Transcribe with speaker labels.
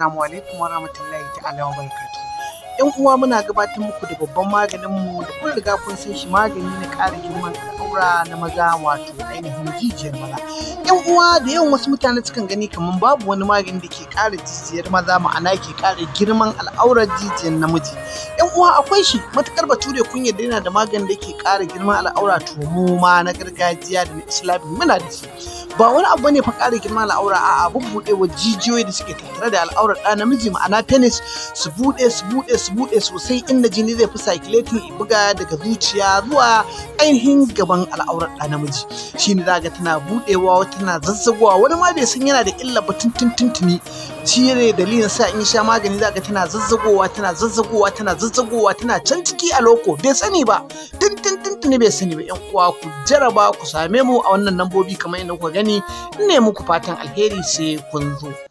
Speaker 1: Assalamu alaikum warahmatullahi ta'ala wa barakatuh. yan uwa muna gabatar muku da babban maganin mu da kun riga kun san shi magani na ƙara girman aura na maza wato ainihin jijiyar maza yan uwa da yawan wasu mutane sukan gani kamar babu wani magani da ke ƙara jijiyar maza ma'ana ke ƙara girman al'aurar jijiyar namiji yan uwa akwai shi matukar bature kun yarda yana da magani da ke ƙara girman al'aura to mu ma na gargajiya da na islami muna da shi ba wani abu ne fa ƙara girman al'aura a'a bubbuɗewa jijiyoyi da suke tattare da al'aurar ɗa namiji ma'ana penis su buɗe su buɗe su su buɗe sosai inda jini zai fi circulating buga daga zuciya zuwa ainihin gaban al'aurar ɗa namiji shi ne zaga tana buɗewa tana zazzagowa wani ma bai san yana da illa ba tuntuntuni shi ne dalilin sa in sha magani zaga tana zazzagowa tana zazzagowa tana zazzagowa tana can ciki a loko bai sani ba tuntuni bai sani ba yan uwa ku jaraba ku same mu a wannan lambobi
Speaker 2: kamar yadda kuka gani ne muku fatan alheri sai kun zo.